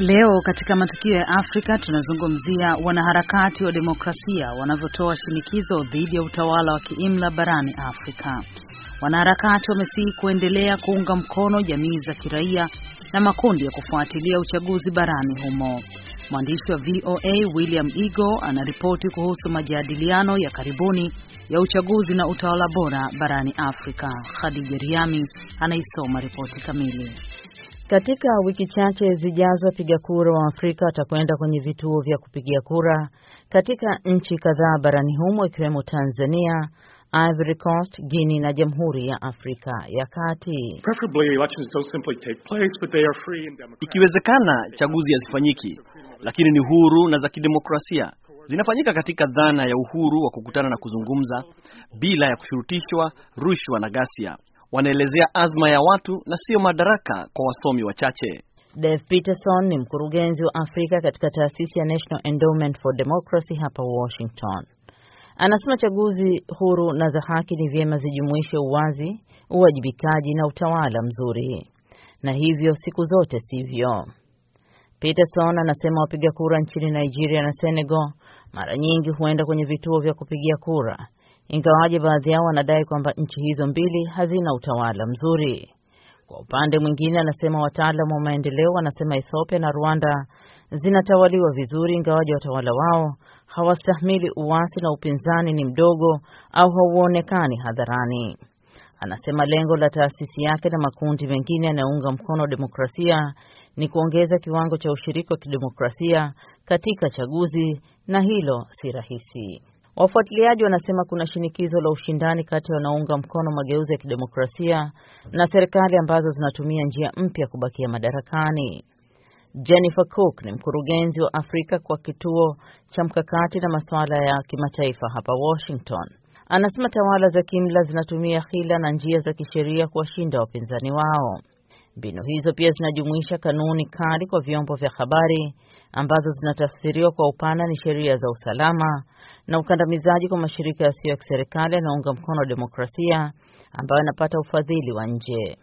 Leo katika matukio ya Afrika tunazungumzia wanaharakati wa demokrasia wanavyotoa shinikizo dhidi ya utawala wa kiimla barani Afrika. Wanaharakati wamesihi kuendelea kuunga mkono jamii za kiraia na makundi ya kufuatilia uchaguzi barani humo. Mwandishi wa VOA William Igo anaripoti kuhusu majadiliano ya karibuni ya uchaguzi na utawala bora barani Afrika. Khadija Riami anaisoma ripoti kamili. Katika wiki chache zijazo, wapiga kura wa Afrika watakwenda kwenye vituo vya kupigia kura katika nchi kadhaa barani humo ikiwemo Tanzania, Ivory Coast, Guinea na Jamhuri ya Afrika ya Kati. Ikiwezekana chaguzi hazifanyiki, lakini ni huru na za kidemokrasia. Zinafanyika katika dhana ya uhuru wa kukutana na kuzungumza bila ya kushurutishwa, rushwa na ghasia wanaelezea azma ya watu na siyo madaraka kwa wasomi wachache. Dave Peterson ni mkurugenzi wa Afrika katika taasisi ya National Endowment for Democracy hapa Washington. Anasema chaguzi huru na za haki ni vyema zijumuishe uwazi, uwajibikaji na utawala mzuri, na hivyo siku zote sivyo. Peterson anasema wapiga kura nchini Nigeria na Senegal mara nyingi huenda kwenye vituo vya kupigia kura ingawaje baadhi yao wanadai kwamba nchi hizo mbili hazina utawala mzuri. Kwa upande mwingine, anasema wataalamu wa maendeleo wanasema Ethiopia na Rwanda zinatawaliwa vizuri, ingawaje watawala wao hawastahimili uasi na upinzani ni mdogo au hauonekani hadharani. Anasema lengo la taasisi yake na makundi mengine yanayounga mkono demokrasia ni kuongeza kiwango cha ushiriki wa kidemokrasia katika chaguzi na hilo si rahisi. Wafuatiliaji wanasema kuna shinikizo la ushindani kati ya wanaounga mkono mageuzi ya kidemokrasia na serikali ambazo zinatumia njia mpya kubakia madarakani. Jennifer Cook ni mkurugenzi wa Afrika kwa kituo cha mkakati na masuala ya kimataifa hapa Washington. Anasema tawala za kimla zinatumia hila na njia za kisheria kuwashinda wapinzani wao. Mbinu hizo pia zinajumuisha kanuni kali kwa vyombo vya habari ambazo zinatafsiriwa kwa upana ni sheria za usalama na ukandamizaji kwa mashirika yasiyo ya kiserikali yanaunga mkono demokrasia ambayo yanapata ufadhili wa nje.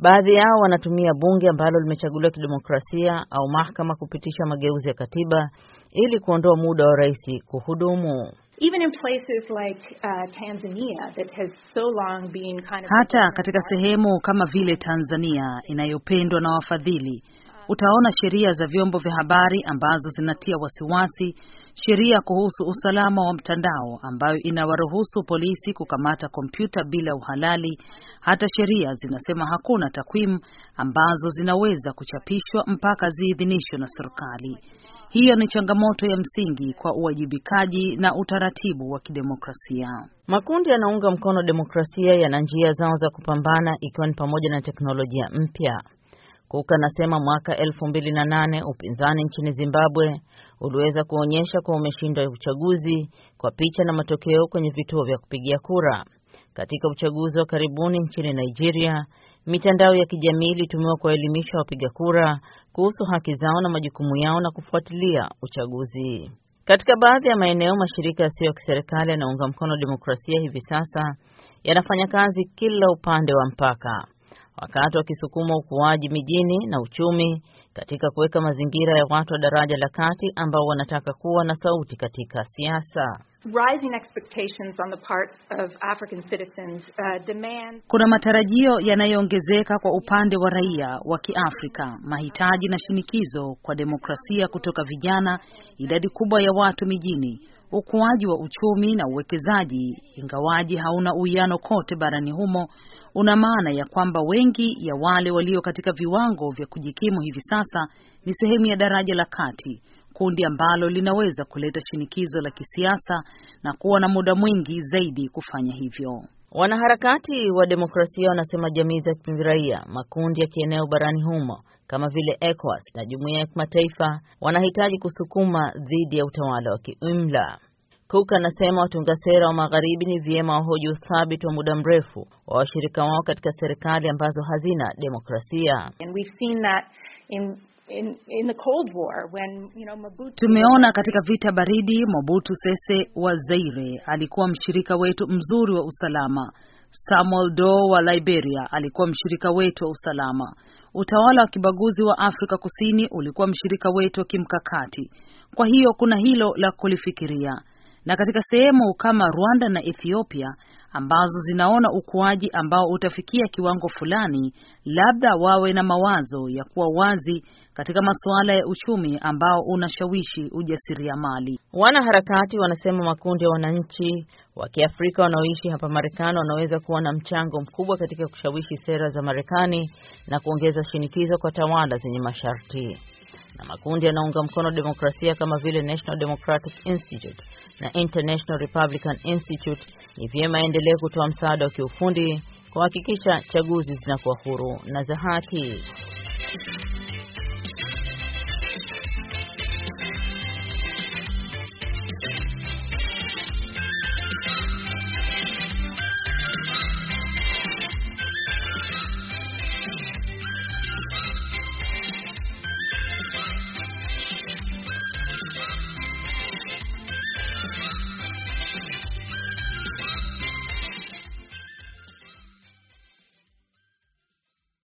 Baadhi yao wanatumia bunge ambalo limechaguliwa kidemokrasia au mahakama kupitisha mageuzi ya katiba ili kuondoa muda wa rais kuhudumu. Even in places like, uh, Tanzania, that has so long been kind of... hata katika sehemu kama vile Tanzania inayopendwa na wafadhili utaona sheria za vyombo vya habari ambazo zinatia wasiwasi, sheria kuhusu usalama wa mtandao ambayo inawaruhusu polisi kukamata kompyuta bila uhalali. Hata sheria zinasema hakuna takwimu ambazo zinaweza kuchapishwa mpaka ziidhinishwe na serikali. Hiyo ni changamoto ya msingi kwa uwajibikaji na utaratibu wa kidemokrasia. Makundi yanaunga mkono demokrasia yana njia zao za kupambana, ikiwa ni pamoja na teknolojia mpya kuka anasema mwaka 2008 upinzani nchini Zimbabwe uliweza kuonyesha kuwa umeshinda uchaguzi kwa picha na matokeo kwenye vituo vya kupigia kura. Katika uchaguzi wa karibuni nchini Nigeria, mitandao ya kijamii ilitumiwa kuwaelimisha wapiga kura kuhusu haki zao na majukumu yao na kufuatilia uchaguzi. Katika baadhi ya maeneo, mashirika yasiyo ya kiserikali yanaunga mkono demokrasia hivi sasa yanafanya kazi kila upande wa mpaka wakati wakisukuma ukuaji mijini na uchumi katika kuweka mazingira ya watu wa daraja la kati ambao wanataka kuwa na sauti katika siasa. Rising expectations on the part of African citizens, uh, demand... Kuna matarajio yanayoongezeka kwa upande wa raia wa Kiafrika, mahitaji na shinikizo kwa demokrasia kutoka vijana, idadi kubwa ya watu mijini ukuaji wa uchumi na uwekezaji, ingawaji hauna uwiano kote barani humo, una maana ya kwamba wengi ya wale walio katika viwango vya kujikimu hivi sasa ni sehemu ya daraja la kati, kundi ambalo linaweza kuleta shinikizo la kisiasa na kuwa na muda mwingi zaidi kufanya hivyo. Wanaharakati wa demokrasia wanasema jamii za kiraia, makundi ya kieneo barani humo kama vile ECOWAS na jumuiya ya kimataifa wanahitaji kusukuma dhidi ya utawala wa kiimla. Cook anasema watunga sera wa magharibi ni vyema wahoji uthabiti wa muda mrefu wa washirika wao katika serikali ambazo hazina demokrasia. In, in the Cold War, when, you know, Mobutu... Tumeona katika vita baridi Mobutu Sese wa Zaire alikuwa mshirika wetu mzuri wa usalama Samuel Doe wa Liberia alikuwa mshirika wetu wa usalama. Utawala wa kibaguzi wa Afrika Kusini ulikuwa mshirika wetu wa kimkakati. Kwa hiyo kuna hilo la kulifikiria na katika sehemu kama Rwanda na Ethiopia ambazo zinaona ukuaji ambao utafikia kiwango fulani, labda wawe na mawazo ya kuwa wazi katika masuala ya uchumi ambao unashawishi ujasiriamali. Wanaharakati wanasema makundi ya wananchi wa Kiafrika wanaoishi hapa Marekani wanaweza kuwa na mchango mkubwa katika kushawishi sera za Marekani na kuongeza shinikizo kwa tawala zenye masharti na makundi yanaunga mkono demokrasia kama vile National Democratic Institute na International Republican Institute, ni vyema endelee kutoa msaada wa kiufundi kuhakikisha chaguzi zinakuwa huru na za haki.